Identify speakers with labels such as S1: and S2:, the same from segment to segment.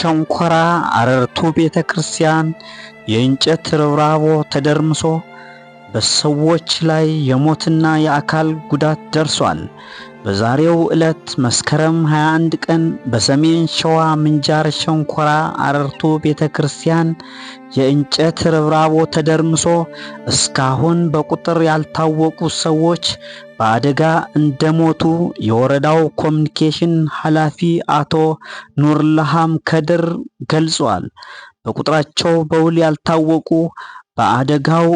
S1: ሸንኮራ አረርቱ ቤተ ክርስቲያን የእንጨት ርብራቦ ተደርምሶ በሰዎች ላይ የሞትና የአካል ጉዳት ደርሷል። በዛሬው ዕለት መስከረም 21 ቀን በሰሜን ሸዋ ምንጃር ሸንኮራ አረርቱ ቤተ ክርስቲያን የእንጨት ርብራቦ ተደርምሶ እስካሁን በቁጥር ያልታወቁ ሰዎች በአደጋ እንደሞቱ የወረዳው ኮሚኒኬሽን ኃላፊ አቶ ኑርልሃም ከድር ገልጿል። በቁጥራቸው በውል ያልታወቁ በአደጋው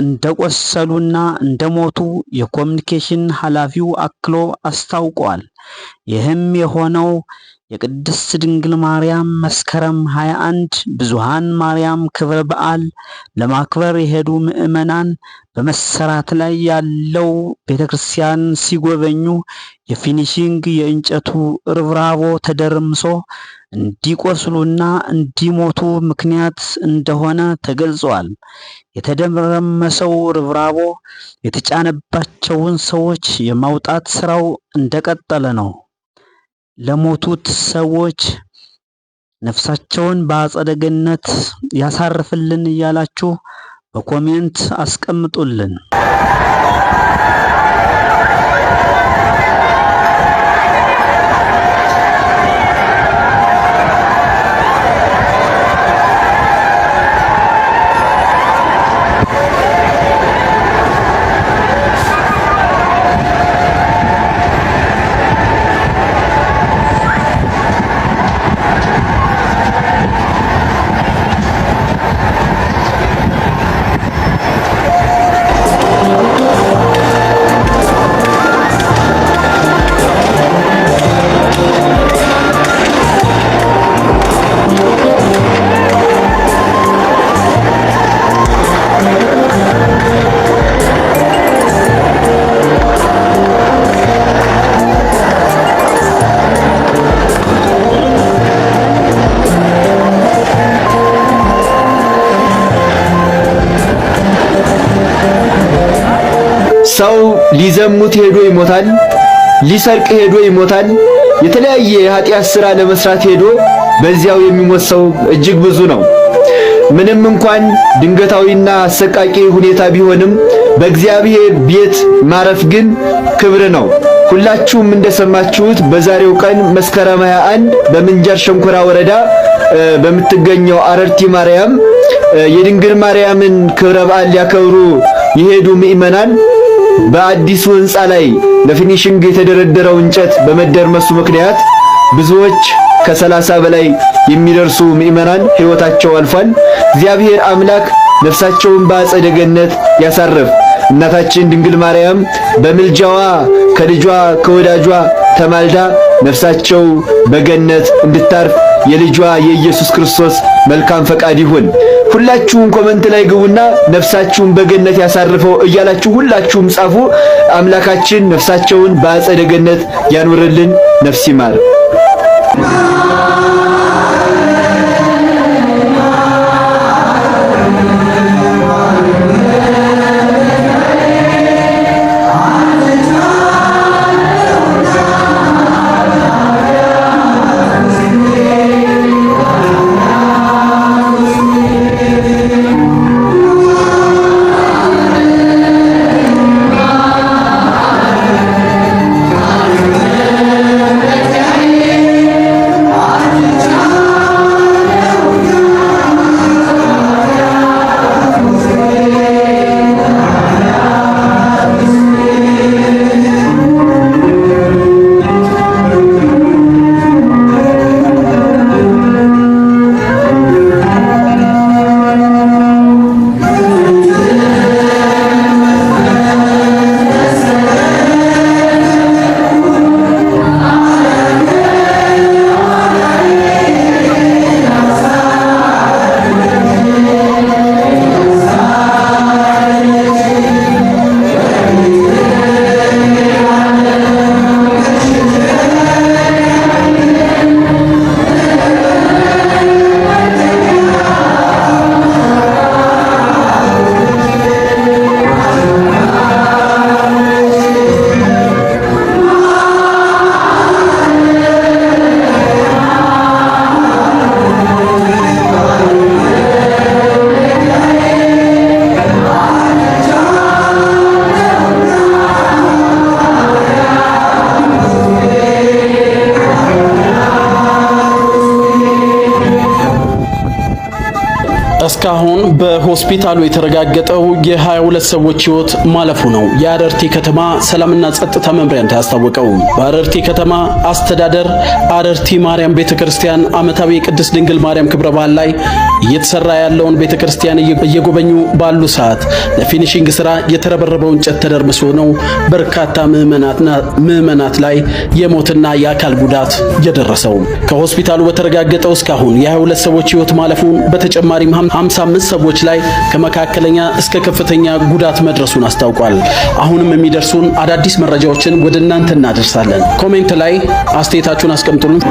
S1: እንደቆሰሉና እንደሞቱ የኮሚኒኬሽን ኃላፊው አክሎ አስታውቋል። ይህም የሆነው የቅድስት ድንግል ማርያም መስከረም 21 ብዙሃን ማርያም ክብረ በዓል ለማክበር የሄዱ ምዕመናን በመሰራት ላይ ያለው ቤተ ክርስቲያን ሲጎበኙ የፊኒሺንግ የእንጨቱ ርብራቦ ተደርምሶ እንዲቆስሉና እንዲሞቱ ምክንያት እንደሆነ ተገልጿል። የተደረመሰው ርብራቦ የተጫነባቸውን ሰዎች የማውጣት ስራው እንደቀጠለ ነው። ለሞቱት ሰዎች ነፍሳቸውን በአጸደ ገነት ያሳርፍልን እያላችሁ በኮሜንት አስቀምጡልን።
S2: ሰው ሊዘሙት ሄዶ ይሞታል፣ ሊሰርቅ ሄዶ ይሞታል፣ የተለያየ የኃጢአት ሥራ ለመስራት ሄዶ በዚያው የሚሞት ሰው እጅግ ብዙ ነው። ምንም እንኳን ድንገታዊና አሰቃቂ ሁኔታ ቢሆንም በእግዚአብሔር ቤት ማረፍ ግን ክብር ነው። ሁላችሁም እንደሰማችሁት በዛሬው ቀን መስከረም 21 በምንጃር ሸንኮራ ወረዳ በምትገኘው አረርቲ ማርያም የድንግል ማርያምን ክብረ በዓል ሊያከብሩ የሄዱ ምእመናን በአዲሱ ወንፃ ላይ ለፊኒሽንግ የተደረደረው እንጨት በመደርመሱ ምክንያት ብዙዎች ከሰላሳ በላይ የሚደርሱ ምዕመናን ሕይወታቸው አልፏል። እግዚአብሔር አምላክ ነፍሳቸውን በአጸደ ገነት ያሳረፍ። እናታችን ድንግል ማርያም በምልጃዋ ከልጇ ከወዳጇ ተማልዳ ነፍሳቸው በገነት እንድታርፍ የልጇ የኢየሱስ ክርስቶስ መልካም ፈቃድ ይሁን። ሁላችሁም ኮመንት ላይ ግቡና ነፍሳችሁን በገነት ያሳርፈው እያላችሁ ሁላችሁም ጻፉ። አምላካችን ነፍሳቸውን በአጸደ ገነት ያኑርልን። ነፍስ ይማር። እስካሁን በሆስፒታሉ የተረጋገጠው የ22 ሰዎች ህይወት ማለፉ ነው የአረርቲ ከተማ ሰላምና ጸጥታ መምሪያ ያስታወቀው። በአረርቲ ከተማ አስተዳደር አረርቲ ማርያም ቤተክርስቲያን ዓመታዊ የቅድስት ድንግል ማርያም ክብረ በዓል ላይ እየተሰራ ያለውን ቤተክርስቲያን እየጎበኙ ባሉ ሰዓት ለፊኒሽንግ ስራ የተረበረበው እንጨት ተደርምሶ ነው በርካታ ምዕመናት ላይ የሞትና የአካል ጉዳት የደረሰው። ከሆስፒታሉ በተረጋገጠው እስካሁን የ22 ሰዎች ህይወት ማለፉን በተጨማሪም 55 ሰዎች ላይ ከመካከለኛ እስከ ከፍተኛ ጉዳት መድረሱን አስታውቋል። አሁንም የሚደርሱን አዳዲስ መረጃዎችን ወደ እናንተ እናደርሳለን። ኮሜንት ላይ አስተያየታችሁን አስቀምጡልን።